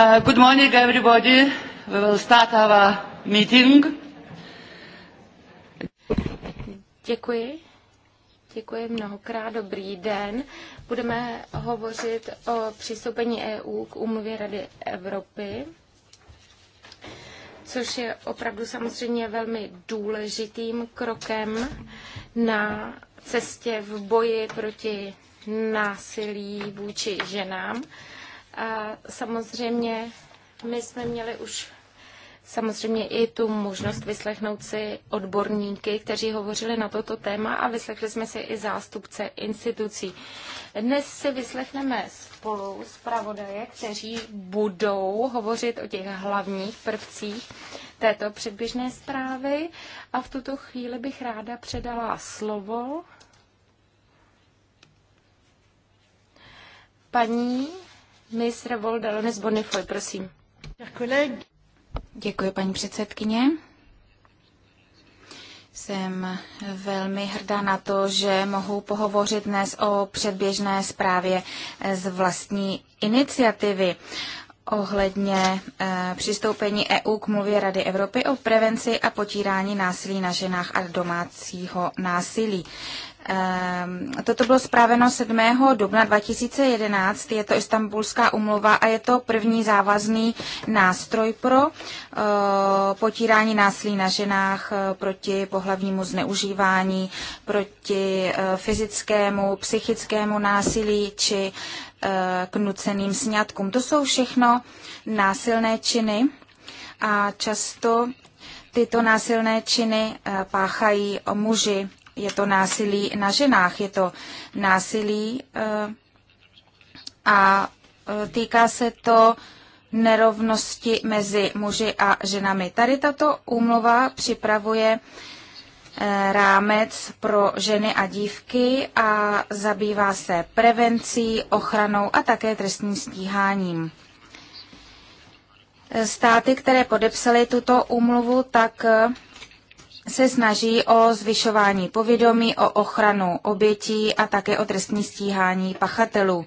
Uh, good morning, everybody. We will start our meeting. Děkuji. Děkuji mnohokrát. Dobrý den. Budeme hovořit o přistoupení EU k úmluvě Rady Evropy, což je opravdu samozřejmě velmi důležitým krokem na cestě v boji proti násilí vůči ženám. A samozřejmě my jsme měli už samozřejmě i tu možnost vyslechnout si odborníky, kteří hovořili na toto téma a vyslechli jsme si i zástupce institucí. Dnes si vyslechneme spolu zpravodaje, kteří budou hovořit o těch hlavních prvcích této předběžné zprávy a v tuto chvíli bych ráda předala slovo paní Miss Revoldalones Bonifoy, prosím. Děkuji, paní předsedkyně. Jsem velmi hrdá na to, že mohu pohovořit dnes o předběžné zprávě z vlastní iniciativy ohledně eh, e, přistoupení EU k mluvě Rady Evropy o prevenci a potírání násilí na ženách a domácího násilí. E, toto bylo zpráveno 7. dubna 2011, je to Istanbulská umluva a je to první závazný nástroj pro e, potírání násilí na ženách eh, proti pohlavnímu zneužívání, proti fyzickému, psychickému násilí či k nuceným sňatkům. To jsou všechno násilné činy a často tyto násilné činy eh, páchají o muži. Je to násilí na ženách, je to násilí eh, a eh, týká se to nerovnosti mezi muži a ženami. Tady tato úmluva připravuje Eh, rámec pro ženy a dívky a zabývá se prevencí, ochranou a také trestním stíháním. Státy, které podepsaly tuto úmluvu, tak eh, se snaží o zvyšování povědomí, o ochranu obětí a také o trestní stíhání pachatelů.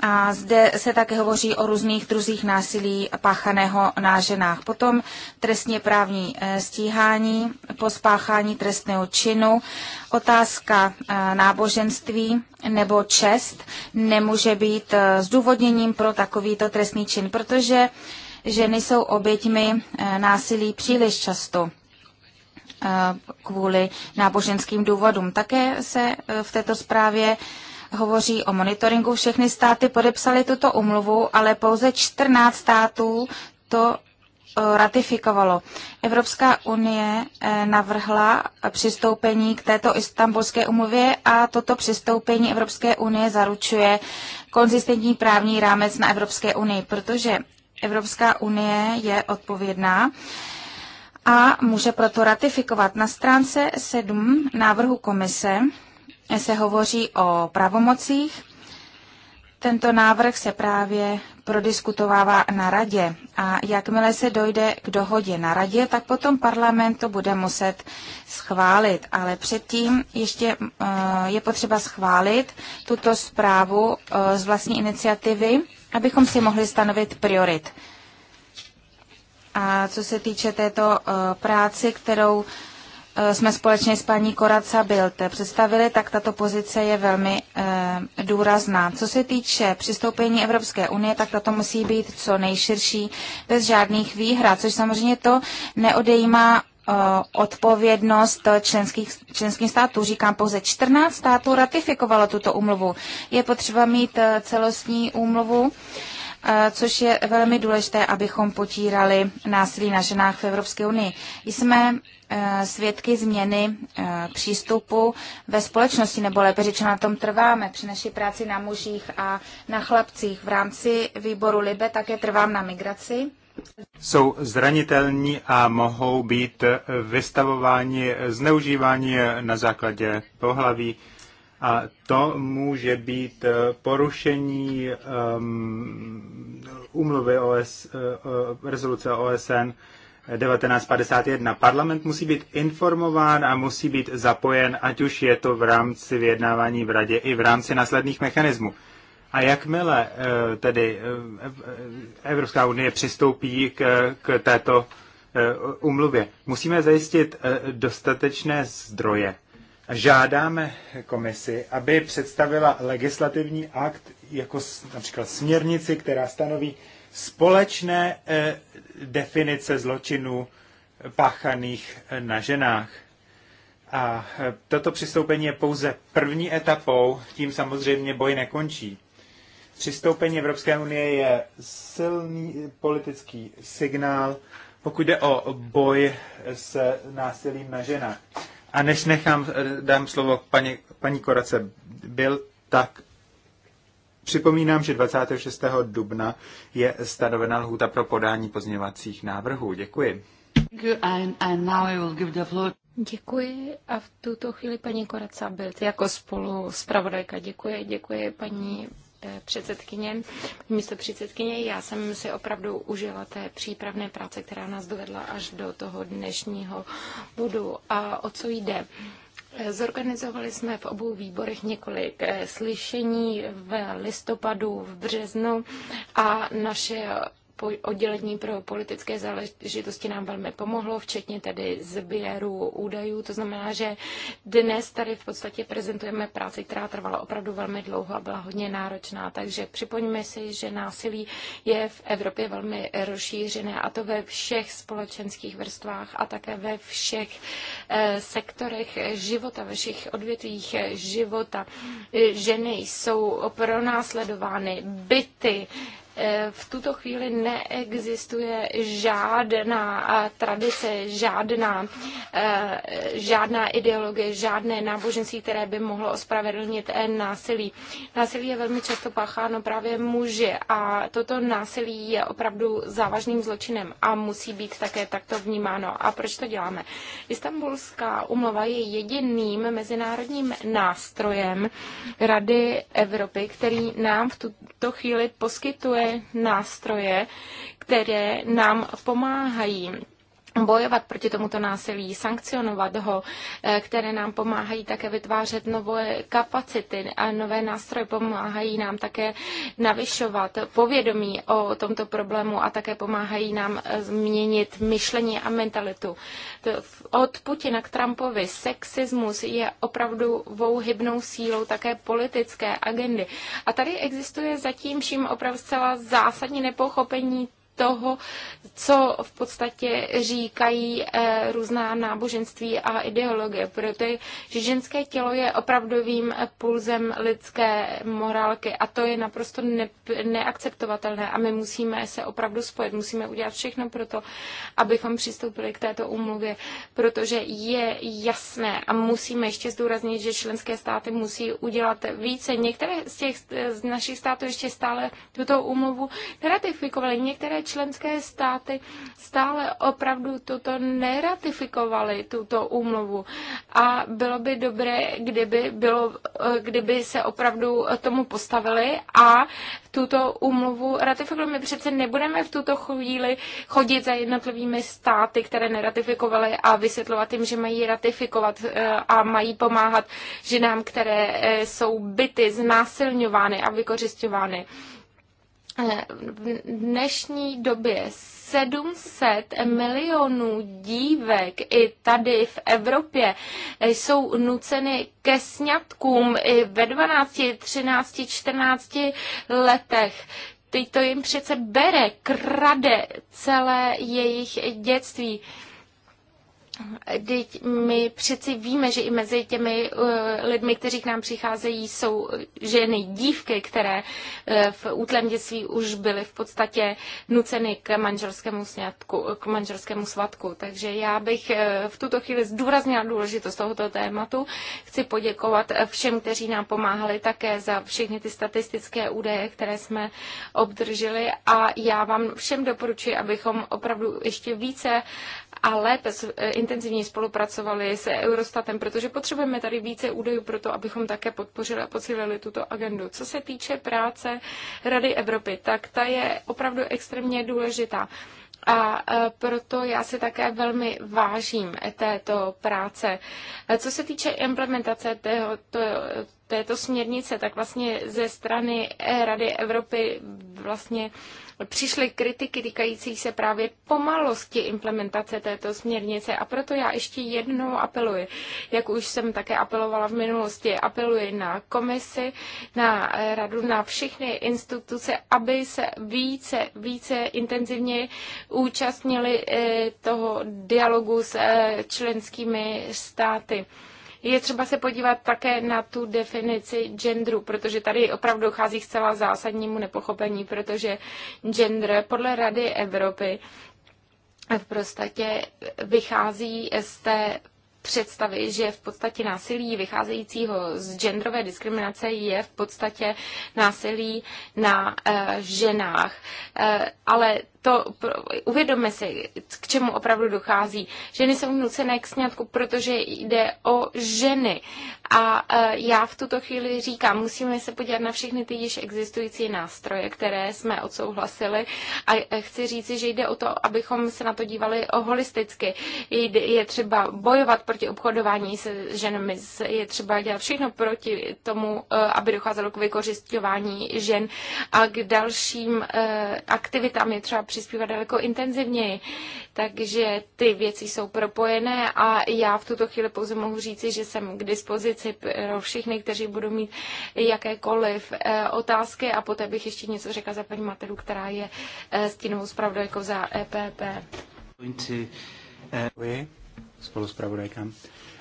A zde se také hovoří o různých druzích násilí páchaného na ženách. Potom trestně právní eh, stíhání po spáchání trestného činu, otázka eh, náboženství nebo čest nemůže být eh, zdůvodněním pro takovýto trestný čin, protože ženy jsou oběťmi násilí příliš často kvůli náboženským důvodům. Také se v této zprávě hovoří o monitoringu. Všechny státy podepsaly tuto umluvu, ale pouze 14 států to e, ratifikovalo. Evropská unie e, navrhla přistoupení k této istambulské umluvě a toto přistoupení Evropské unie zaručuje konzistentní právní rámec na Evropské unii, protože Evropská unie je odpovědná a může proto ratifikovat. Na stránce 7 návrhu komise se hovoří o pravomocích. Tento návrh se právě prodiskutovává na radě a jakmile se dojde k dohodě na radě, tak potom parlament to bude muset schválit. Ale předtím ještě e, je potřeba schválit tuto zprávu e, z vlastní iniciativy, abychom si mohli stanovit priorit. A co se týče této e, práce, kterou Eh, jsme společně s paní Koraca Bilt představili, tak tato pozice je velmi e, důrazná. Co se týče přistoupení Evropské unie, tak tato musí být co nejširší, bez žádných výhrad, což samozřejmě to neodejímá eh, odpovědnost členských, členských států. Říkám, pouze 14 států ratifikovalo tuto úmluvu. Je potřeba mít celostní úmluvu Eh, což je velmi důležité, abychom potírali násilí na ženách v Evropské unii. Jsme eh, svědky změny eh, přístupu ve společnosti, nebo lépe řečeno na tom trváme při naší práci na mužích a na chlapcích. V rámci výboru LIBE také trvám na migraci. Jsou zranitelní a mohou být vystavováni zneužívání na základě pohlaví a to může být eh, porušení um, ehm, umluvy OS, uh, eh, eh, rezoluce OSN 1951. Parlament musí být informován a musí být zapojen, ať už je to v rámci vyjednávání v radě i v rámci následných mechanismů. A jakmile tedy Evropská unie přistoupí k, k této umluvě, musíme zajistit dostatečné zdroje žádáme komisi, aby představila legislativní akt, jako například směrnici, která stanoví společné eh, definice zločinů páchaných eh, na ženách. A eh, toto přistoupení je pouze první etapou, tím samozřejmě boj nekončí. Přistoupení Evropské unie je silný politický signál, pokud jde o boj s násilím na ženách. A než nechám, eh, dám slovo paní, paní Korace byl, tak připomínám, že 26. dubna je stanovena lhůta pro podání pozměňovacích návrhů. Děkuji. Děkuji a v tuto chvíli paní Koraca byl jako spolu zpravodajka. Děkuji, děkuji paní Eh, předsedkyně, místo předsedkyně. Já jsem si opravdu užila té přípravné práce, která nás dovedla až do toho dnešního bodu. A o co jde? Eh, zorganizovali jsme v obou výborech několik eh, slyšení v listopadu, v březnu a naše oddělení pro politické záležitosti nám velmi pomohlo, včetně tedy sběru údajů. To znamená, že dnes tady v podstatě prezentujeme práci, která trvala opravdu velmi dlouho a byla hodně náročná. Takže připomeňme si, že násilí je v Evropě velmi rozšířené a to ve všech společenských vrstvách a také ve všech eh, sektorech života, ve všech odvětvích života. Ženy jsou pronásledovány, byty, Eh, v tuto chvíli neexistuje žádná tradice, žádná, eh, žádná ideologie, žádné náboženství, které by mohlo ospravedlnit eh, násilí. Násilí je velmi často pácháno právě muži a toto násilí je opravdu závažným zločinem a musí být také takto vnímáno. A proč to děláme? Istanbulská umlova je jediným mezinárodním nástrojem Rady Evropy, který nám v tuto chvíli poskytuje nástroje, které nám pomáhají bojovat proti tomuto násilí, sankcionovat ho, eh, které nám pomáhají také vytvářet nové kapacity a nové nástroje, pomáhají nám také navyšovat povědomí o tomto problému a také pomáhají nám eh, změnit myšlení a mentalitu. Od Putina k Trumpovi sexismus je opravdu vouhybnou sílou také politické agendy. A tady existuje zatím vším opravdu zcela zásadní nepochopení toho, co v podstatě říkají eh, různá náboženství a ideologie, protože ženské tělo je opravdovým pulzem lidské morálky a to je naprosto ne- neakceptovatelné a my musíme se opravdu spojit, musíme udělat všechno pro to, abychom přistoupili k této úmluvě, protože je jasné a musíme ještě zdůraznit, že členské státy musí udělat více. Některé z těch z našich států ještě stále tuto úmluvu neratifikovaly, některé členské státy stále opravdu toto neratifikovaly, tuto úmluvu. A bylo by dobré, kdyby, bylo, kdyby se opravdu tomu postavili a tuto úmluvu ratifikovali. My přece nebudeme v tuto chvíli chodit za jednotlivými státy, které neratifikovaly a vysvětlovat jim, že mají ratifikovat eh, a mají pomáhat ženám, které eh, jsou byty, znásilňovány a vykořišťovány. Eh, v dnešní době 700 milionů dívek i tady v Evropě jsou nuceny ke sňatkům i ve 12, 13, 14 letech. Teď to jim přece bere, krade celé jejich dětství. Teď my přeci víme, že i mezi těmi eh, lidmi, kteří k nám přicházejí, jsou ženy, dívky, které eh, v útlém dětství už byly v podstatě nuceny k manželskému sňatku, k manželskému svatku. Takže já bych eh, v tuto chvíli zdůraznila důležitost tohoto tématu. Chci poděkovat všem, kteří nám pomáhali také za všechny ty statistické údaje, které jsme obdrželi a já vám všem doporučuji, abychom opravdu ještě více a lépe e, intenzivně spolupracovali se Eurostatem, protože potřebujeme tady více údajů pro to, abychom také podpořili a posílili tuto agendu. Co se týče práce Rady Evropy, tak ta je opravdu extrémně důležitá. A e, proto já si také velmi vážím této práce. E, co se týče implementace to, této směrnice, tak vlastně ze strany Rady Evropy vlastně přišly kritiky týkající se právě pomalosti implementace této směrnice a proto já ještě jednou apeluji, jak už jsem také apelovala v minulosti, apeluji na komisi, na radu, na všechny instituce, aby se více, více intenzivně účastnili eh, toho dialogu s eh, členskými státy je třeba se podívat také na tu definici genderu, protože tady opravdu dochází k zcela zásadnímu nepochopení, protože gender podle Rady Evropy v podstatě vychází z té představy, že v podstatě násilí vycházejícího z genderové diskriminace je v podstatě násilí na e, ženách. E, ale to, uvědomme si, k čemu opravdu dochází. Ženy jsou nucené k sňatku, protože jde o ženy. A e, já v tuto chvíli říkám, musíme se podívat na všechny ty již existující nástroje, které jsme odsouhlasili. A e, chci říci, že jde o to, abychom se na to dívali holisticky. Je třeba bojovat proti obchodování se ženami, je třeba dělat všechno proti tomu, e, aby docházelo k vykořišťování žen a k dalším aktivitám je třeba přispívat daleko intenzivněji. Takže ty věci jsou propojené a já v tuto chvíli pouze mohu říci, že jsem k dispozici pro všechny, kteří budou mít jakékoliv eh, otázky a poté bych ještě něco řekla za paní Materu, která je eh, stínovou zpravodajkou za EPP. spolu zpravodajkám.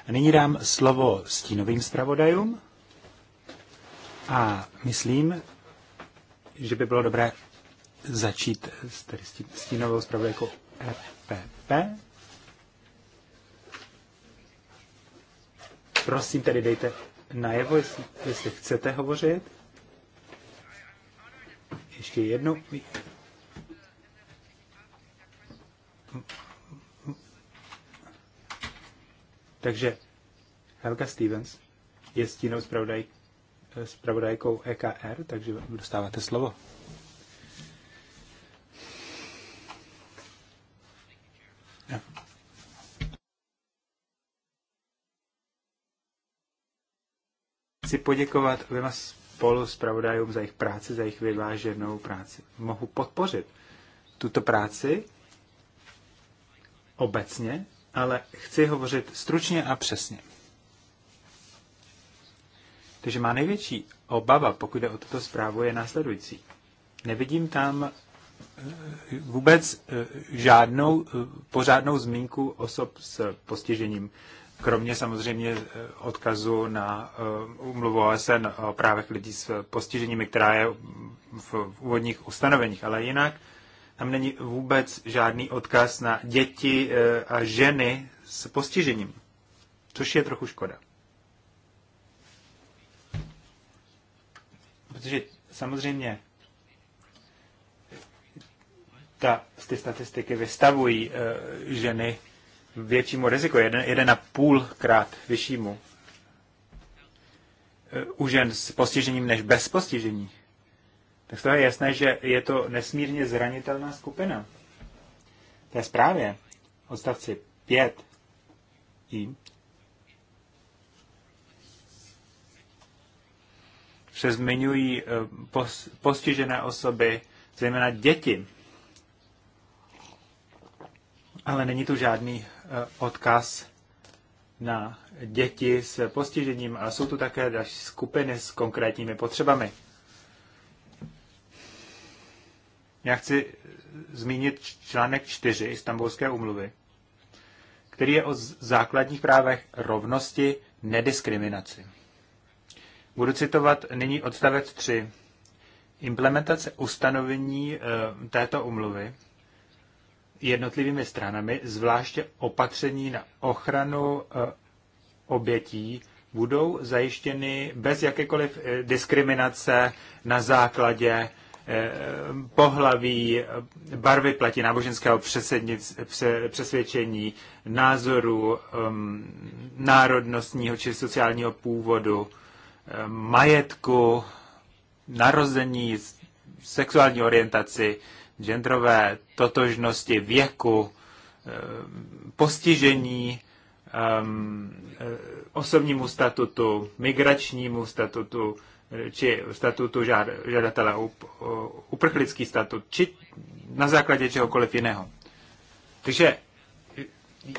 A nyní dám slovo stínovým zpravodajům. A myslím, že by bylo dobré začít s, tedy zpravou jako EPP. Prosím tedy dejte najevo, jestli, jestli chcete hovořit. Ještě jednou. Takže Helga Stevens je stínou zpravodajkou EKR, takže dostáváte slovo. Chci poděkovat oběma spolu s pravodajům za jejich práci, za jejich vyváženou práci. Mohu podpořit tuto práci obecně, ale chci hovořit stručně a přesně. Takže má největší obava, pokud jde o tuto zprávu, je následující. Nevidím tam eh, vůbec eh, žádnou eh, pořádnou zmínku osob s postižením. Kromě samozřejmě eh, odkazu na eh, umluvu OSN o právech lidí s postiženími, která je v úvodních ustanoveních, ale jinak tam není vůbec žádný odkaz na děti eh, a ženy s postižením, což je trochu škoda. Protože samozřejmě ta, ty statistiky vystavují ženy většímu riziku, jeden, jeden a půlkrát vyššímu e, u žen s postižením než bez postižení, tak z toho je jasné, že je to nesmírně zranitelná skupina. Té zprávě, odstavci 5 i se zmiňují e, postižené osoby, zejména děti. Ale není tu žádný Eh, odkaz na děti s postižením, ale jsou tu také další skupiny s konkrétními potřebami. Já chci zmínit článek 4 Istanbulské umluvy, který je o základních právech rovnosti nediskriminaci. Budu citovat nyní odstavec 3. Implementace ustanovení eh, této umluvy jednotlivými stranami, zvláště opatření na ochranu e, obětí, budou zajištěny bez jakékoliv e, diskriminace na základě e, pohlaví, barvy platí náboženského přesvědčení, názoru, národnostního či sociálního původu, majetku, narození, sexuální orientaci, genderové totožnosti, věku, eh, postižení, ehm, eh, osobnímu statutu, migračnímu statutu, eh, či statutu žadatele, uprchlický statut, či na základě čehokoliv jiného. Takže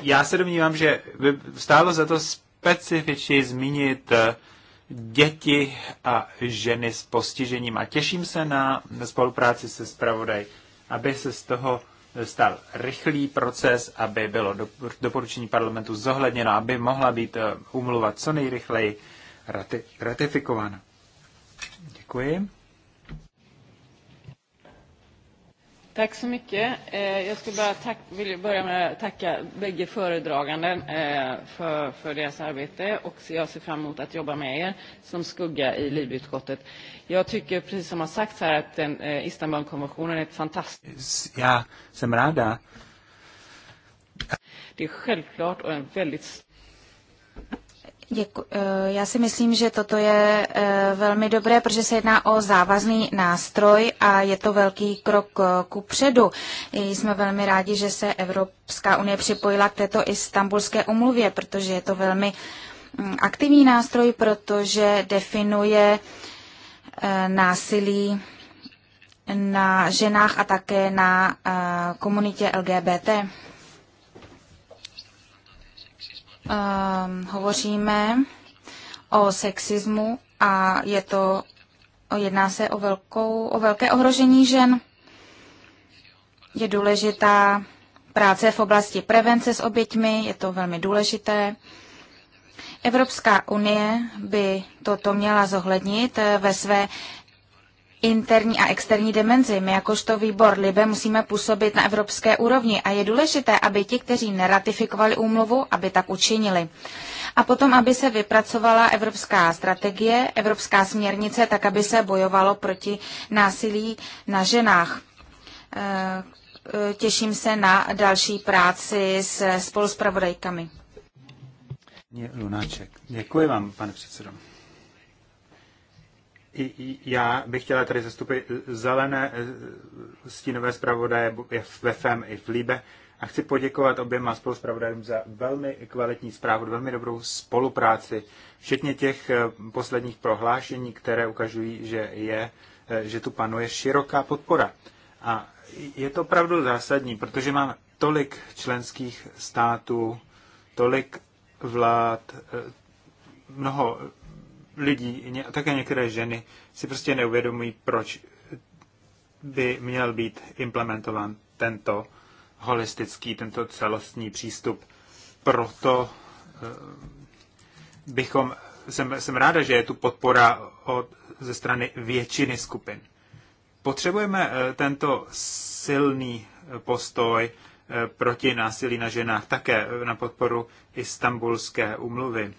já se domnívám, že by stálo za to specifičně zmínit děti a ženy s postižením a těším se na spolupráci se zpravodaj aby se z toho stal rychlý proces, aby bylo doporučení parlamentu zohledněno, aby mohla být umluva eh, co nejrychleji ratifikována. Děkuji. Tack så mycket. Eh, jag skulle bara tack, vill börja med att tacka bägge föredraganden eh, för, för deras arbete och jag ser fram emot att jobba med er som skugga i livutskottet. Jag tycker, precis som har sagts här, att den, eh, Istanbulkonventionen är ett fantastiskt... Ja, som rada. Det är självklart och en väldigt Děku, eh, já si myslím, že toto je eh, velmi dobré, protože se jedná o závazný nástroj a je to velký krok eh, ku předu. Jsme velmi rádi, že se Evropská unie připojila k této istambulské umluvě, protože je to velmi mm, aktivní nástroj, protože definuje násilí na ženách a také na komunitě LGBT. Ehm, hovoříme o sexismu a je to, jedná se o, velkou, o velké ohrožení žen. Je důležitá práce v oblasti prevence s oběťmi, je to velmi důležité. Evropská unie by toto měla zohlednit eh, ve své interní a externí dimenzi. My jakožto výbor Libe musíme působit na evropské úrovni a je důležité, aby ti, kteří neratifikovali úmluvu, aby tak učinili. A potom, aby se vypracovala evropská strategie, evropská směrnice, tak aby se bojovalo proti násilí na ženách. Eh, těším se na další práci s spoluspravodajkami. Lunáček. Děkuji vám, pane předsedo já bych chtěla tady zastupit zelené eh, stínové zpravodaje ve FEM i v LIBE a chci poděkovat oběma spoluzpravodajům za velmi kvalitní zprávu, velmi dobrou spolupráci, včetně těch eh, posledních prohlášení, které ukazují, že, je, eh, že tu panuje široká podpora. A je to opravdu zásadní, protože mám tolik členských států, tolik vlád, mnoho lidí, také některé ženy, si prostě neuvědomují, proč by měl být implementován tento holistický, tento celostní přístup. Proto eh, bychom, jsem, jsem ráda, že je tu podpora od, ze strany většiny skupin. Potřebujeme eh, tento silný eh, postoj proti násilí na ženách také na podporu istambulské umluvy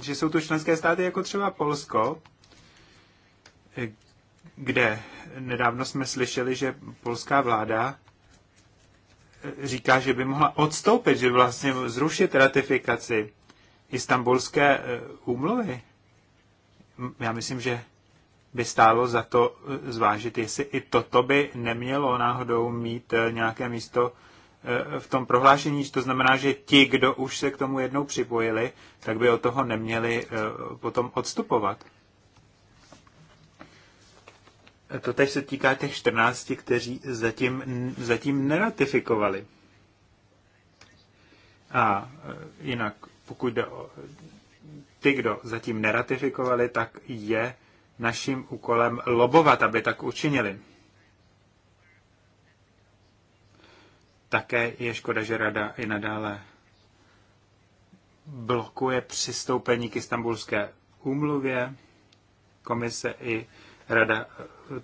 že jsou to členské státy jako třeba Polsko, eh, kde nedávno jsme slyšeli, že polská vláda eh, říká, že by mohla odstoupit, že vlastně zrušit ratifikaci istambulské eh, úmluvy. Já myslím, že by stálo za to zvážit, jestli i toto by nemělo náhodou mít nějaké místo Eh, v tom prohlášení, to znamená, že ti, kdo už se k tomu jednou připojili, tak by od toho neměli eh, potom odstupovat. Eh, to teď se týká těch 14, kteří zatím, zatím neratifikovali. A jinak, pokud jde o ty, kdo zatím neratifikovali, tak je naším úkolem lobovat, aby tak učinili. Také je škoda, že Rada i nadále blokuje přistoupení k istambulské úmluvě. Komise i Rada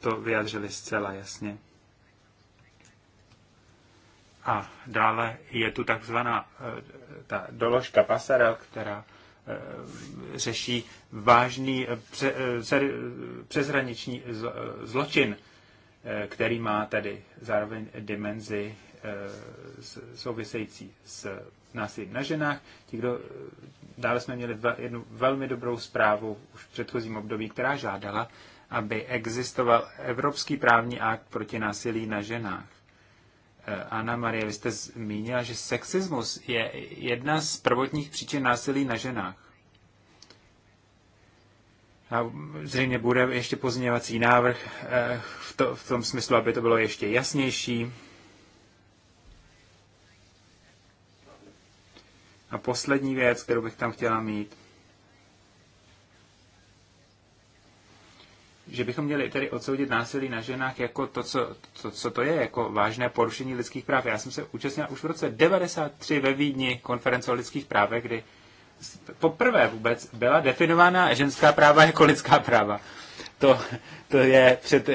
to vyjádřili zcela jasně. A dále je tu takzvaná eh, ta doložka Pasarel, která eh, řeší vážný eh, přeshraniční zločin, který má tedy zároveň dimenzi Eh, související s násilím na ženách. Ti, kdo, eh, dále jsme měli jednu velmi dobrou zprávu už v předchozím období, která žádala, aby existoval Evropský právní akt proti násilí na ženách. Eh, Anna Marie, vy jste zmínila, že sexismus je jedna z prvotních příčin násilí na ženách. A zřejmě bude ještě pozměňovací návrh v, to, v tom smyslu, aby to bylo ještě jasnější. A poslední věc, kterou bych tam chtěla mít, že bychom měli tedy odsoudit násilí na ženách jako to co, to, co to je, jako vážné porušení lidských práv. Já jsem se účastnil už v roce 93 ve Vídni konference o lidských právech, kdy poprvé vůbec byla definována ženská práva jako lidská práva. To, to je před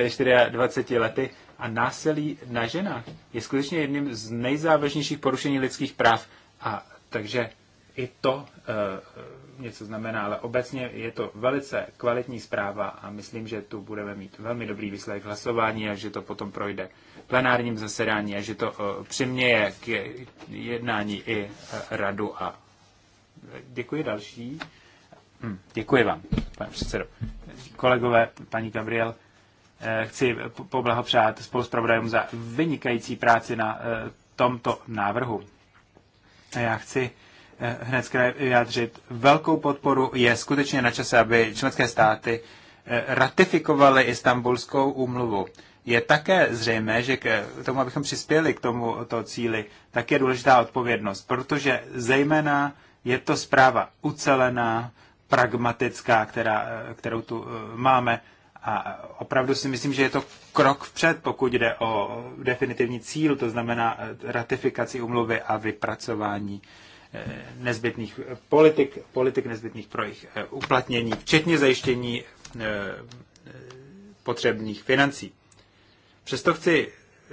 24 lety. A násilí na ženách je skutečně jedním z nejzávažnějších porušení lidských práv. A takže i to e, něco znamená, ale obecně je to velice kvalitní zpráva a myslím, že tu budeme mít velmi dobrý výsledek hlasování a že to potom projde plenárním zasedání a že to e, přiměje k jednání i e, radu. A děkuji další. Hm, děkuji vám, pane předsedo. Kolegové, paní Gabriel, chci poblahopřát s za vynikající práci na tomto návrhu. A já chci eh, hned vyjádřit velkou podporu. Je skutečně na čase, aby členské státy eh, ratifikovaly Istanbulskou úmluvu. Je také zřejmé, že k eh, tomu, abychom přispěli k tomuto cíli, tak je důležitá odpovědnost, protože zejména je to zpráva ucelená, pragmatická, která, kterou tu máme a opravdu si myslím, že je to krok vpřed, pokud jde o definitivní cíl, to znamená eh, ratifikaci umluvy a vypracování eh, nezbytných politik, politik nezbytných pro jejich eh, uplatnění, včetně zajištění potřebných financí. Přesto chci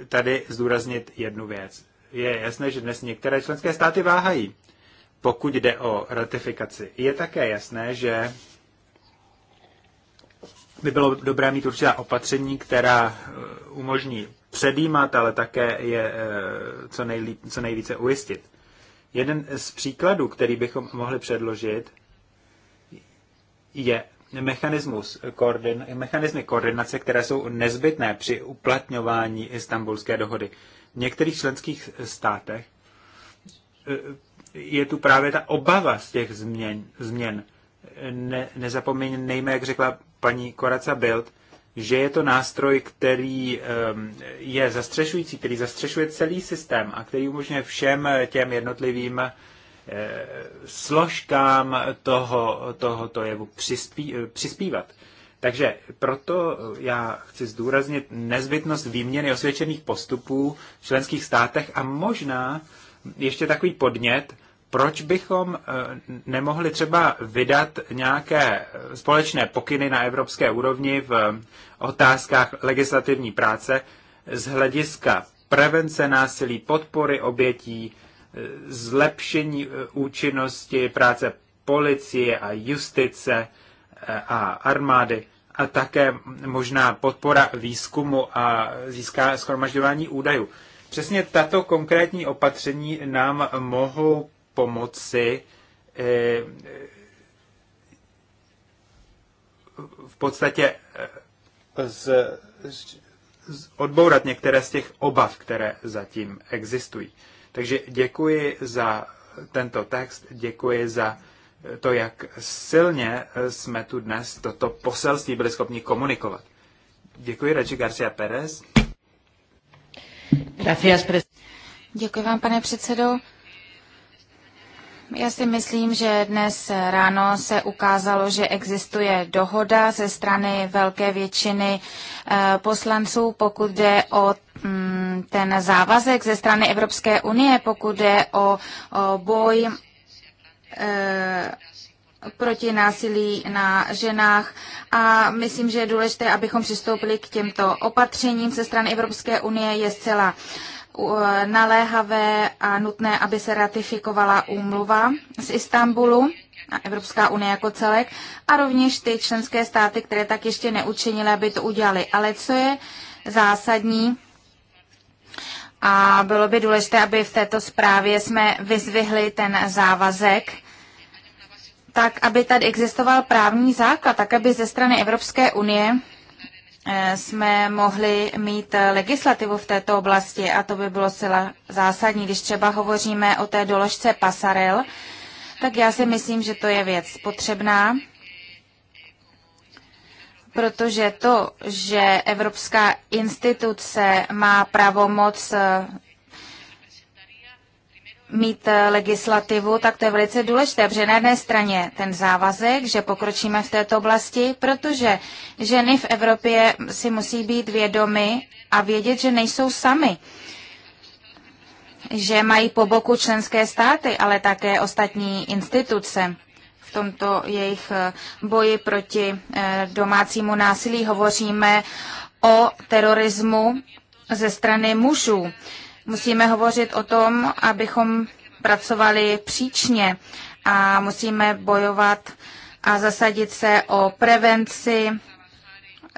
tady zdůraznit jednu věc. Je jasné, že dnes některé členské státy váhají, pokud jde o ratifikaci. Je také jasné, že by bylo dobré mít určitá opatření, která eh, umožní předjímat, ale také je eh, co, nejlí, co nejvíce ujistit. Jeden z příkladů, který bychom mohli předložit, je mechanismus, koordin, mechanismy koordinace, které jsou nezbytné při uplatňování istambulské dohody. V některých členských státech eh, je tu právě ta obava z těch změn. změn. Ne, nezapomeňme, jak řekla paní Koraca Bild, že je to nástroj, který ehm, je zastřešující, který zastřešuje celý systém a který umožňuje všem těm jednotlivým eh, složkám toho, tohoto jevu přispí, eh, přispívat. Takže proto já chci zdůraznit nezbytnost výměny osvědčených postupů v členských státech a možná ještě takový podnět, proč bychom eh, nemohli třeba vydat nějaké společné pokyny na evropské úrovni v otázkách legislativní práce z hlediska prevence násilí, podpory obětí, eh, zlepšení eh, účinnosti práce policie a justice a armády a také možná podpora výzkumu a získá schromažďování údajů. Přesně tato konkrétní opatření nám mohou pomoci eh, v podstatě eh, z, z, odbourat některé z těch obav, které zatím existují. Takže děkuji za tento text, děkuji za to, jak silně eh, jsme tu dnes toto poselství byli schopni komunikovat. Děkuji, Reči Garcia Pérez. Děkuji vám, pane předsedo. Já si myslím, že dnes ráno se ukázalo, že existuje dohoda ze strany velké většiny eh, poslanců, pokud jde o mm, ten závazek ze strany Evropské unie, pokud jde o boj eh, proti násilí na ženách a myslím, že je důležité, abychom přistoupili k těmto opatřením ze strany Evropské unie. Je zcela uh, Eh, naléhavé a nutné, aby se ratifikovala úmluva z Istanbulu a Evropská unie jako celek a rovněž ty členské státy, které tak ještě neučinily, aby to udělali. Ale co je zásadní, a bylo by důležité, aby v této zprávě jsme vyzvihli ten závazek, tak aby tady existoval právní základ, tak aby ze strany Evropské unie Eh, jsme mohli mít eh, legislativu v této oblasti a to by bylo zcela zásadní. Když třeba hovoříme o té doložce pasarel, tak já si myslím, že to je věc potřebná, protože to, že Evropská instituce má pravomoc eh, mít eh, legislativu, tak to je velice důležité, protože na jedné straně ten závazek, že pokročíme v této oblasti, protože ženy v Evropě si musí být vědomy a vědět, že nejsou sami že mají po boku členské státy, ale také ostatní instituce. V tomto jejich eh, boji proti eh, domácímu násilí hovoříme o terorismu ze strany mužů. Musíme hovořit o tom, abychom pracovali příčně a musíme bojovat a zasadit se o prevenci,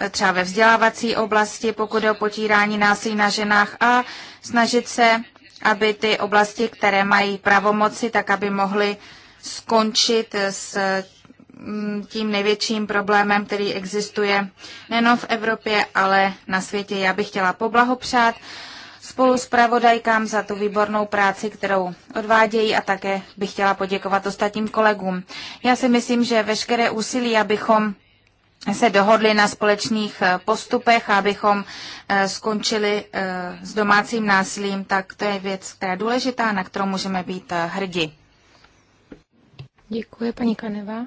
třeba ve vzdělávací oblasti, pokud je o potírání násilí na ženách a snažit se, aby ty oblasti, které mají pravomoci, tak aby mohly skončit s mm, tím největším problémem, který existuje nejen v Evropě, ale na světě. Já bych chtěla poblahopřát spolu s pravodajkám za tu výbornou práci, kterou odvádějí a také bych chtěla poděkovat ostatním kolegům. Já si myslím, že veškeré úsilí, abychom se dohodli na společných eh, postupech, abychom eh, skončili eh, s domácím násilím, tak to je věc, která je důležitá, na kterou můžeme být hrdí. Děkuji, paní Kaneva.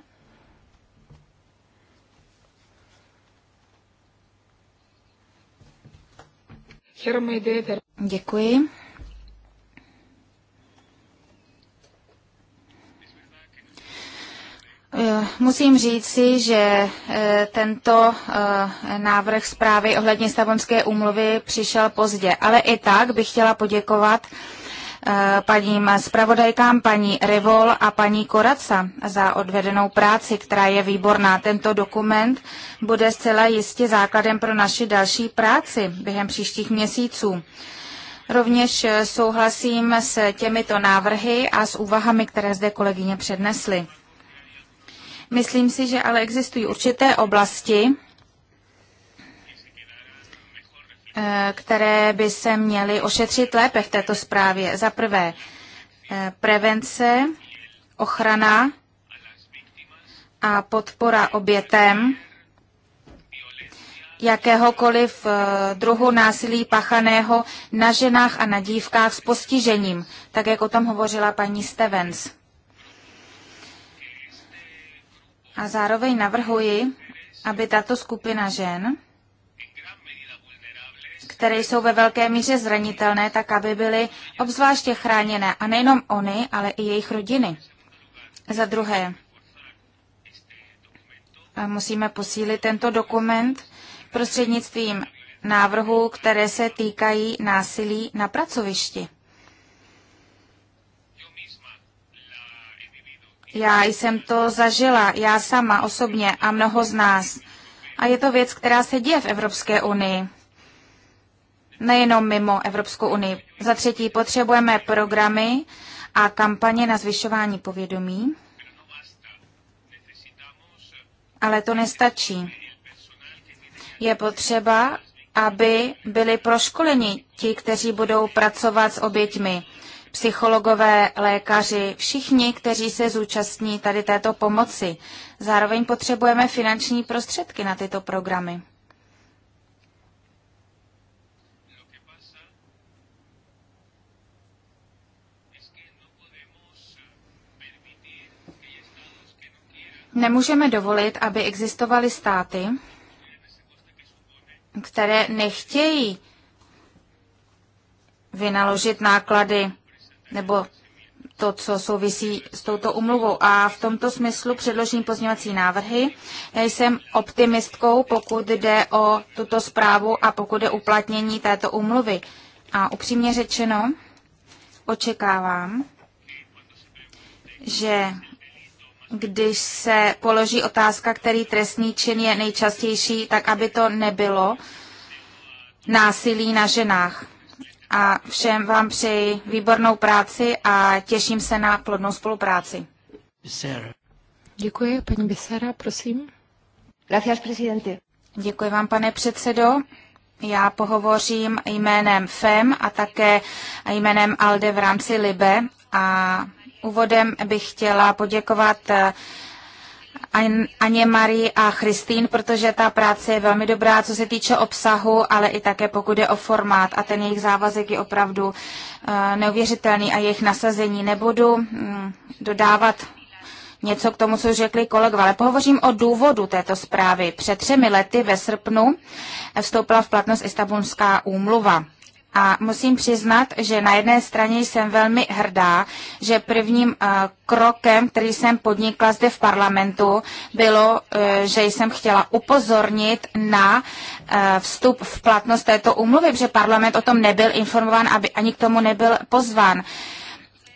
Děkuji. Eh, musím říci, že eh, tento eh, návrh zprávy ohledně Stavonské úmluvy přišel pozdě, ale i tak bych chtěla poděkovat Eh, paním zpravodajkám, paní Rivol a paní Koraca za odvedenou práci, která je výborná. Tento dokument bude zcela jistě základem pro naši další práci během příštích měsíců. Rovněž eh, souhlasím s těmito návrhy a s úvahami, které zde kolegyně přednesly. Myslím si, že ale existují určité oblasti, Eh, které by se měly ošetřit lépe v této zprávě. Za prvé, eh, prevence, ochrana a podpora obětem jakéhokoliv eh, druhu násilí pachaného na ženách a na dívkách s postižením, tak jak o tom hovořila paní Stevens. A zároveň navrhuji, aby tato skupina žen které jsou ve velké míře zranitelné, tak aby byly obzvláště chráněné. A nejenom oni, ale i jejich rodiny. Za druhé, musíme posílit tento dokument prostřednictvím návrhů, které se týkají násilí na pracovišti. Já jsem to zažila, já sama osobně a mnoho z nás. A je to věc, která se děje v Evropské unii nejenom mimo Evropskou unii. Za třetí potřebujeme programy a kampaně na zvyšování povědomí, ale to nestačí. Je potřeba, aby byli proškoleni ti, kteří budou pracovat s oběťmi. Psychologové, lékaři, všichni, kteří se zúčastní tady této pomoci. Zároveň potřebujeme finanční prostředky na tyto programy. Nemůžeme dovolit, aby existovaly státy, které nechtějí vynaložit náklady nebo to, co souvisí s touto umluvou. A v tomto smyslu předložím pozměňovací návrhy. Já jsem optimistkou, pokud jde o tuto zprávu a pokud je uplatnění této umluvy. A upřímně řečeno, očekávám, že když se položí otázka, který trestný čin je nejčastější, tak aby to nebylo násilí na ženách. A všem vám přeji výbornou práci a těším se na plodnou spolupráci. Děkuji, paní Bisera, prosím. Gracias, presidente. Děkuji vám, pane předsedo. Já pohovořím jménem FEM a také jménem ALDE v rámci LIBE a úvodem bych chtěla poděkovat eh, Aně Marie a Christín, protože ta práce je velmi dobrá, co se týče obsahu, ale i také pokud je o formát a ten jejich závazek je opravdu eh, neuvěřitelný a jejich nasazení. Nebudu mm, dodávat něco k tomu, co řekli kolegové, ale pohovořím o důvodu této zprávy. Před třemi lety ve srpnu vstoupila v platnost Istanbulská úmluva. A musím přiznat, že na jedné straně jsem velmi hrdá, že prvním eh, krokem, který jsem podnikla zde v parlamentu, bylo, eh, že jsem chtěla upozornit na eh, vstup v platnost této úmluvy, protože parlament o tom nebyl informován aby ani k tomu nebyl pozván.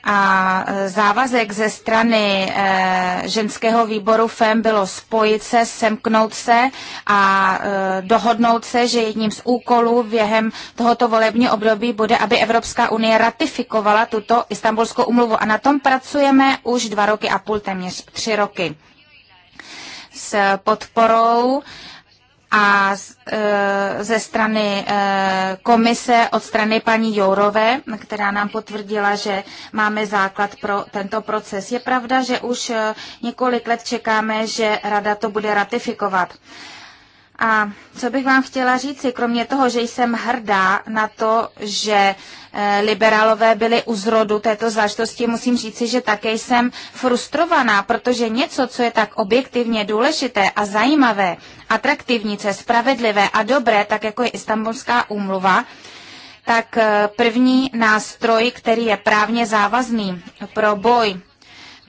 A e, závazek ze strany e, ženského výboru FEM bylo spojit se, semknout se a e, dohodnout se, že jedním z úkolů během tohoto volebního období bude, aby Evropská unie ratifikovala tuto istambulskou umluvu. A na tom pracujeme už dva roky a půl, téměř tři roky. S podporou a e, ze strany e, komise od strany paní Jourové, která nám potvrdila, že máme základ pro tento proces. Je pravda, že už e, několik let čekáme, že rada to bude ratifikovat. A co bych vám chtěla říci, kromě toho, že jsem hrdá na to, že eh, liberálové byli u zrodu této záležitosti, musím říci, že také jsem frustrovaná, protože něco, co je tak objektivně důležité a zajímavé, atraktivní, co je spravedlivé a dobré, tak jako je Istanbulská úmluva, tak eh, první nástroj, který je právně závazný pro boj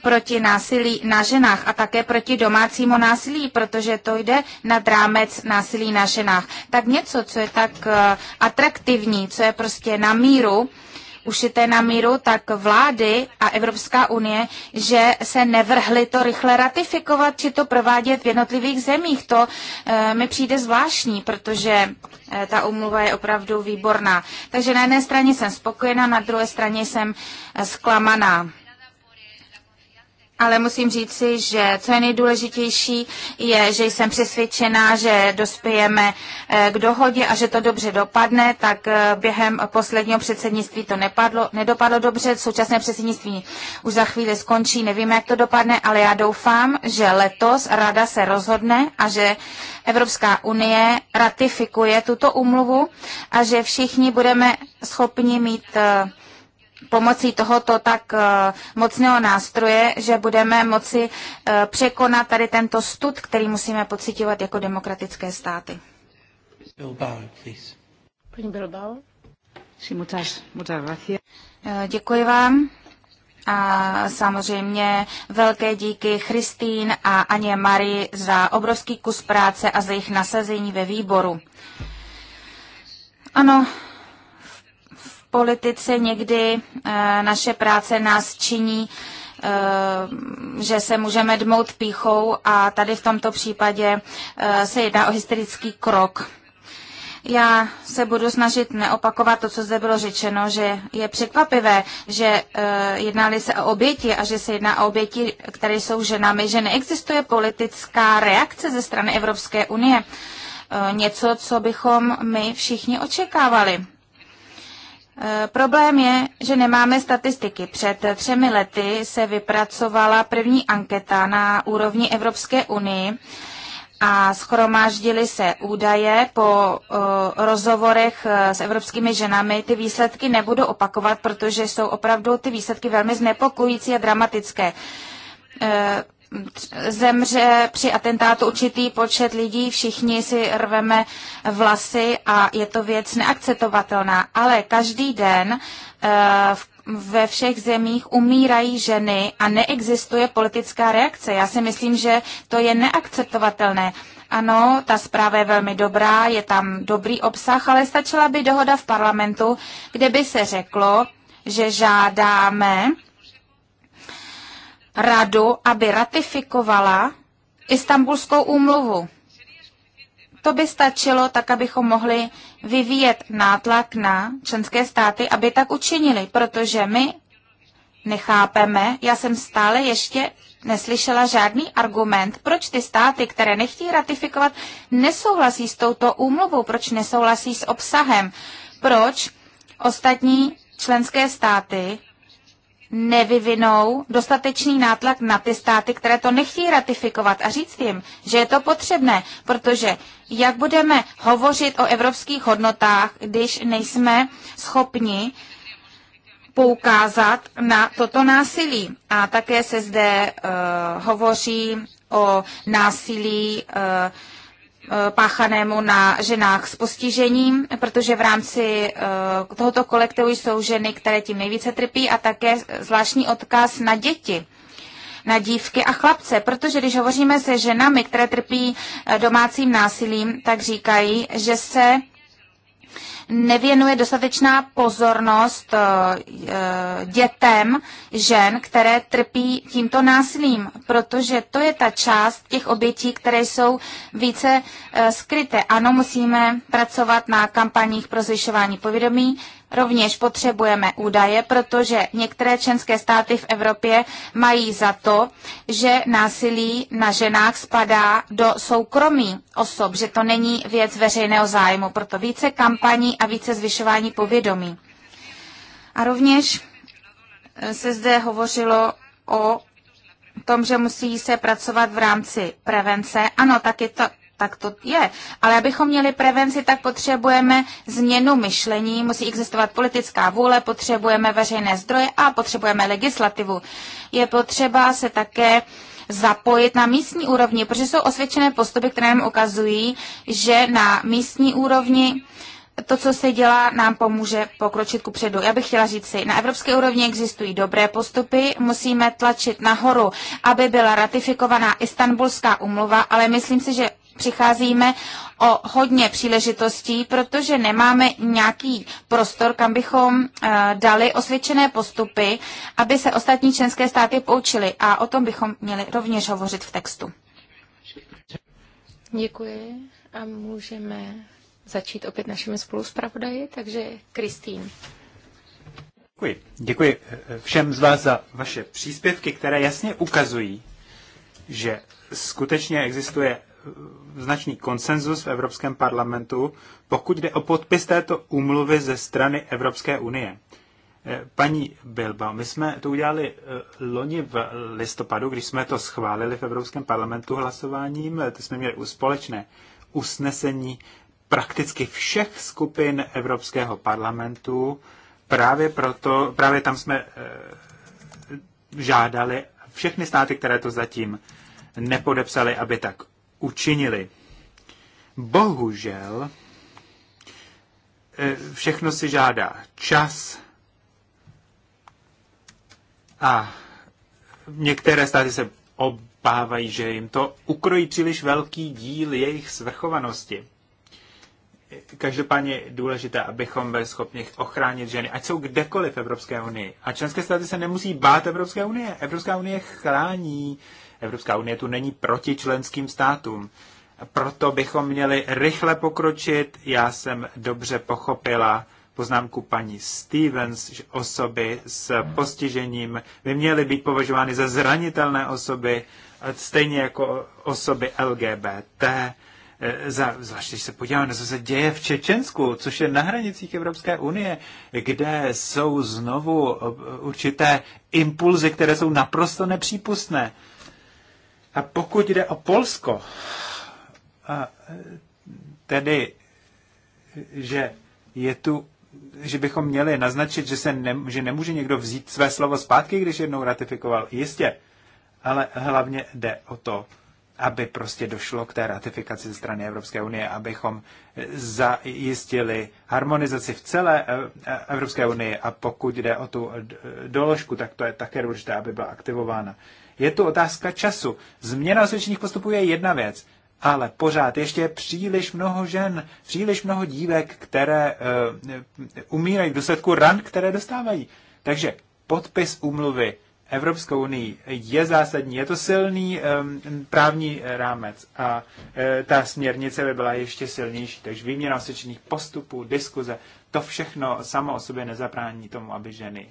proti násilí na ženách a také proti domácímu násilí, protože to jde nad rámec násilí na ženách. Tak něco, co je tak eh, atraktivní, co je prostě na míru, ušité na míru, tak vlády a Evropská unie, že se nevrhly to rychle ratifikovat či to provádět v jednotlivých zemích. To e, mi přijde zvláštní, protože e, ta umluva je opravdu výborná. Takže na jedné straně jsem spokojená, na druhé straně jsem zklamaná ale musím říci, že co je nejdůležitější, je, že jsem přesvědčená, že dospějeme eh, k dohodě a že to dobře dopadne, tak eh, během posledního předsednictví to nepadlo, nedopadlo dobře, současné předsednictví už za chvíli skončí, nevíme, jak to dopadne, ale já doufám, že letos rada se rozhodne a že Evropská unie ratifikuje tuto umluvu a že všichni budeme schopni mít eh, pomocí tohoto tak eh, mocného nástroje, že budeme moci eh, překonat tady tento stud, který musíme pocitovat jako demokratické státy. Eh, děkuji vám. A samozřejmě velké díky Christín a Aně Mari za obrovský kus práce a za jejich nasazení ve výboru. Ano, Politice někdy eh, naše práce nás činí, eh, že se můžeme dmout píchou a tady v tomto případě eh, se jedná o hysterický krok. Já se budu snažit neopakovat to, co zde bylo řečeno, že je překvapivé, že e, jednali se o oběti a že se jedná o oběti, které jsou ženami, že neexistuje politická reakce ze strany Evropské unie. E, něco, co bychom my všichni očekávali. Eh, problém je, že nemáme statistiky. Před třemi lety se vypracovala první anketa na úrovni Evropské unie a schromáždily se údaje po uh, rozhovorech eh, s evropskými ženami. Ty výsledky nebudu opakovat, protože jsou opravdu ty výsledky velmi znepokojící a dramatické. Uh, zemře při atentátu určitý počet lidí, všichni si rveme vlasy a je to věc neakceptovatelná. Ale každý den eh, ve všech zemích umírají ženy a neexistuje politická reakce. Já si myslím, že to je neakceptovatelné. Ano, ta zpráva je velmi dobrá, je tam dobrý obsah, ale stačila by dohoda v parlamentu, kde by se řeklo, že žádáme radu, aby ratifikovala Istanbulskou úmluvu. To by stačilo tak, abychom mohli vyvíjet nátlak na členské státy, aby tak učinili, protože my nechápeme, já jsem stále ještě neslyšela žádný argument, proč ty státy, které nechtějí ratifikovat, nesouhlasí s touto úmluvou, proč nesouhlasí s obsahem, proč ostatní členské státy nevyvinou dostatečný nátlak na ty státy, které to nechtějí ratifikovat a říct jim, že je to potřebné, protože jak budeme hovořit o evropských hodnotách, když nejsme schopni poukázat na toto násilí. A také se zde uh, hovoří o násilí uh, Eh, páchanému na ženách s postižením, protože v rámci eh, tohoto kolektivu jsou ženy, které tím nejvíce trpí a také zvláštní odkaz na děti na dívky a chlapce, protože když hovoříme se ženami, které trpí eh, domácím násilím, tak říkají, že se nevěnuje dostatečná pozornost eh, eh, dětem žen, které trpí tímto násilím, protože to je ta část těch obětí, které jsou více eh, skryté. Ano, musíme pracovat na kampaních pro zvyšování povědomí, Rovněž potřebujeme údaje, protože některé členské státy v Evropě mají za to, že násilí na ženách spadá do soukromí osob, že to není věc veřejného zájmu. Proto více kampaní a více zvyšování povědomí. A rovněž eh, se zde hovořilo o tom, že musí se pracovat v rámci prevence. Ano, taky to, tak to je. Ale abychom měli prevenci, tak potřebujeme změnu myšlení, musí existovat politická vůle, potřebujeme veřejné zdroje a potřebujeme legislativu. Je potřeba se také zapojit na místní úrovni, protože jsou osvědčené postupy, které nám ukazují, že na místní úrovni to, co se dělá, nám pomůže pokročit ku předu. Já bych chtěla říct si, na evropské úrovni existují dobré postupy, musíme tlačit nahoru, aby byla ratifikovaná Istanbulská umluva, ale myslím si, že přicházíme o hodně příležitostí, protože nemáme nějaký prostor, kam bychom eh, dali osvědčené postupy, aby se ostatní členské státy poučily. A o tom bychom měli rovněž hovořit v textu. Děkuji a můžeme začít opět našimi spoluspravodaji, takže Kristýn. Děkuji. Děkuji eh, všem z vás za vaše příspěvky, které jasně ukazují, že skutečně existuje značný konsenzus v Evropském parlamentu, pokud jde o podpis této úmluvy ze strany Evropské unie. Eh, paní Bilba, my jsme to udělali eh, loni v listopadu, když jsme to schválili v Evropském parlamentu hlasováním, eh, to jsme měli společné usnesení prakticky všech skupin Evropského parlamentu. Právě proto, právě tam jsme žádali všechny státy, které to zatím nepodepsali, aby tak učinili. Bohužel eh, všechno si žádá čas a některé státy se obávají, že jim to ukrojí příliš velký díl jejich svrchovanosti každopádně důležité, abychom byli schopni ochránit ženy, ať jsou kdekoliv v Evropské unii. A členské státy se nemusí bát Evropské unie. Evropská unie chrání. Evropská unie tu není proti členským státům. Proto bychom měli rychle pokročit. Já jsem dobře pochopila poznámku paní Stevens, že osoby s postižením by měly být považovány za zranitelné osoby, stejně jako osoby LGBT Eh, za, zvlášť když se podíváme na co se děje v Čečensku, což je na hranicích Evropské unie, kde jsou znovu eh, určité impulzy, které jsou naprosto nepřípustné. A pokud jde o Polsko, a eh, tedy, že je tu že bychom měli naznačit, že, se ne, že nemůže někdo vzít své slovo zpátky, když jednou ratifikoval. Jistě, ale hlavně jde o to, aby prostě došlo k té ratifikaci ze strany Evropské unie, abychom zajistili harmonizaci v celé eh, eh, Evropské unii a pokud jde o tu doložku, tak to je také důležité, aby byla aktivována. Je tu otázka času. Změna osvědčených postupů je jedna věc, ale pořád ještě příliš mnoho žen, příliš mnoho dívek, které uh, umírají v důsledku ran, které dostávají. Takže podpis úmluvy Evropskou unii je zásadní. Je to silný um, právní rámec a uh, ta směrnice by byla ještě silnější. Takže výměna osvědčených postupů, diskuze, to všechno samo o sobě nezabrání tomu, aby ženy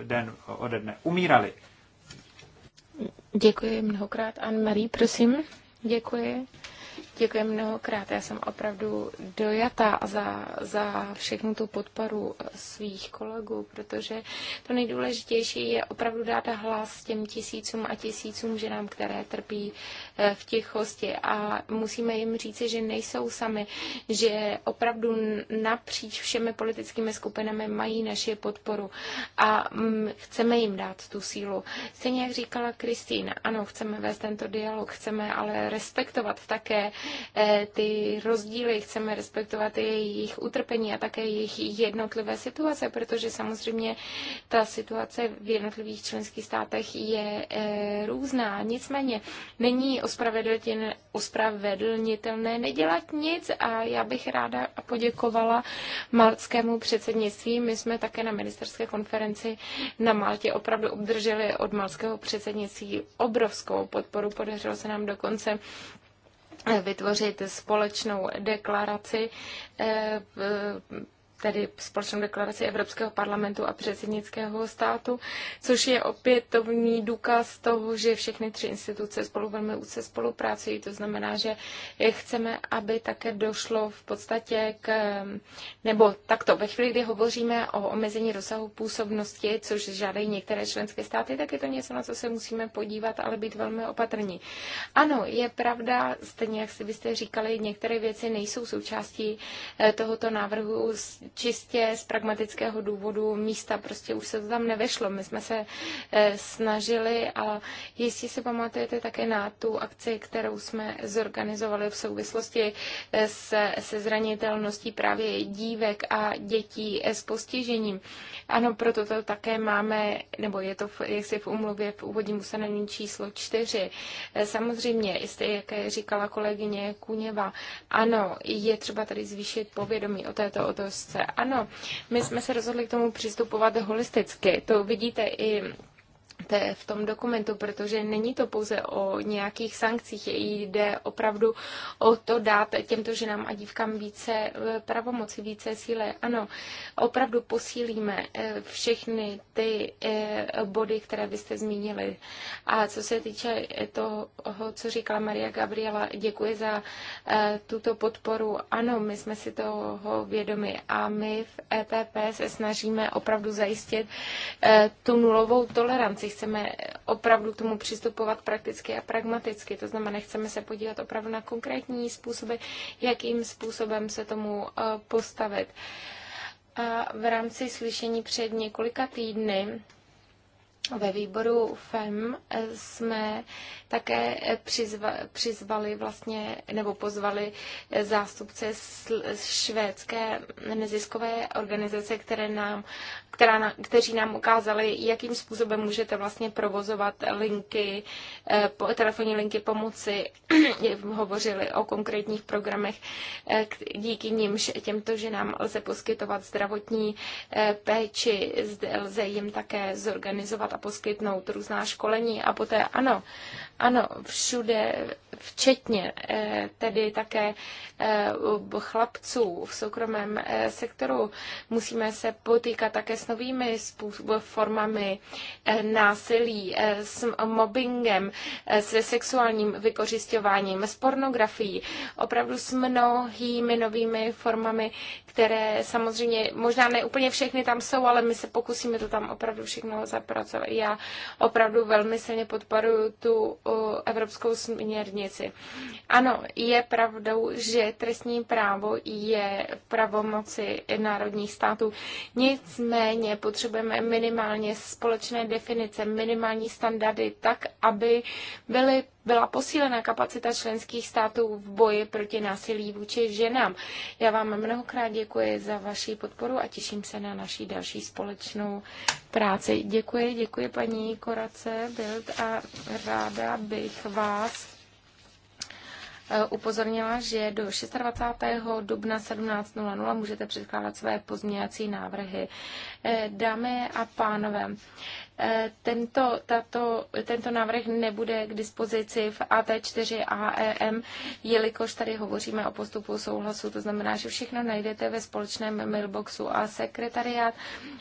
uh, den ode dne umíraly. Děkuji mnohokrát. Anne-Marie, prosím. Děkuji. Děkuji mnohokrát. Já jsem opravdu dojatá za, za všechnu tu podporu svých kolegů, protože to nejdůležitější je opravdu dát hlas těm tisícům a tisícům ženám, které trpí eh, v tichosti. A musíme jim říci, že nejsou sami, že opravdu napříč všemi politickými skupinami mají naši podporu a mm, chceme jim dát tu sílu. Stejně jak říkala Kristýna, ano, chceme vést tento dialog, chceme ale respektovat také Eh, ty rozdíly, chceme respektovat jejich utrpení a také jejich jednotlivé situace, protože samozřejmě ta situace v jednotlivých členských státech je eh, různá. Nicméně není ospravedlnitelné nedělat nic a já bych ráda poděkovala maltskému předsednictví. My jsme také na ministerské konferenci na Maltě opravdu obdrželi od malského předsednictví obrovskou podporu. Podařilo se nám dokonce vytvořit společnou deklaraci eh, tedy společnou deklaraci Evropského parlamentu a předsednického státu, což je opětovný důkaz toho, že všechny tři instituce spolu velmi úce spolupracují. To znamená, že chceme, aby také došlo v podstatě k, nebo takto, ve chvíli, kdy hovoříme o omezení rozsahu působnosti, což žádají některé členské státy, tak je to něco, na co se musíme podívat, ale být velmi opatrní. Ano, je pravda, stejně jak si byste říkali, některé věci nejsou součástí eh, tohoto návrhu čistě z pragmatického důvodu místa prostě už se to tam nevešlo. My jsme se eh, snažili a jistě si pamatujete také na tu akci, kterou jsme zorganizovali v souvislosti eh, se, se zranitelností právě dívek a dětí eh, s postižením. Ano, proto to také máme, nebo je to v, si v umluvě v úvodním ustanovení číslo čtyři. Samozřejmě, jestli, jak říkala kolegyně Kuněva, ano, je třeba tady zvýšit povědomí o této otázce ano, my jsme se rozhodli k tomu přistupovat holisticky. To vidíte i té, v tom dokumentu, protože není to pouze o nějakých sankcích, jde opravdu o to dát těmto ženám a dívkám více eh, pravomoci, více síly. Ano, opravdu posílíme eh, všechny ty eh, body, které byste zmínili. A co se týče toho, co říkala Maria Gabriela, děkuji za tuto podporu. Ano, my jsme si toho vědomi a my v EPP se snažíme opravdu zajistit tu nulovou toleranci chceme opravdu k tomu přistupovat prakticky a pragmaticky. To znamená, chceme se podívat opravdu na konkrétní způsoby, jakým způsobem se tomu eh, postavit. A v rámci slyšení před několika týdny ve výboru FEM jsme také přizva, přizvali vlastně, nebo pozvali zástupce z, z švédské neziskové organizace, které nám, která na, kteří nám ukázali, jakým způsobem můžete vlastně provozovat linky, eh, telefonní linky pomoci. Hovořili o konkrétních programech, eh, díky nimž těmto ženám lze poskytovat zdravotní eh, péči, lze jim také zorganizovat poskytnout různá školení a poté ano, ano, všude, včetně eh, tedy také eh, chlapců v soukromém eh, sektoru, musíme se potýkat také s novými způsob, formami násilí, s mobbingem, se sexuálním vykořišťováním, s pornografií, opravdu s mnohými novými formami, které samozřejmě, možná ne úplně všechny tam jsou, ale my se pokusíme to tam opravdu všechno zapracovat já opravdu velmi silně podporuji tu uh, evropskou směrnici. Ano, je pravdou, že trestní právo je v pravomoci národních států. Nicméně potřebujeme minimálně společné definice, minimální standardy tak, aby byly byla posílena kapacita členských států v boji proti násilí vůči ženám. Já vám mnohokrát děkuji za vaši podporu a těším se na naší další společnou práci. Děkuji, děkuji paní Korace Bild a ráda bych vás eh, upozornila, že do 26. dubna 17.00 můžete předkládat své pozměňovací návrhy. Eh, dámy a pánové, eh, tento, tato, tento návrh nebude k dispozici v AT4 AEM, jelikož tady hovoříme o postupu souhlasu, to znamená, že všechno najdete ve společném mailboxu a sekretariát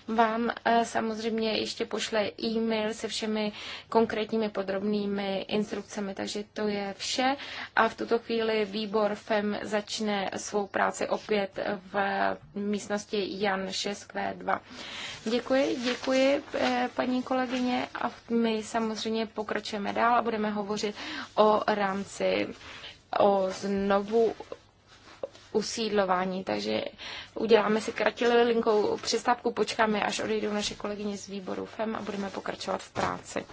vám eh, samozřejmě ještě pošle e-mail se všemi konkrétními podrobnými instrukcemi, takže to je vše a v tuto chvíli výbor FEM začne svou práci opět v místnosti Jan 6 2 Děkuji, děkuji eh, paní kolegyně a my samozřejmě pokračujeme dál a budeme hovořit o rámci o znovu usídlování. Takže uděláme si linkou přestávku, počkáme, až odejdou naše kolegyně z výboru FEM a budeme pokračovat v práci.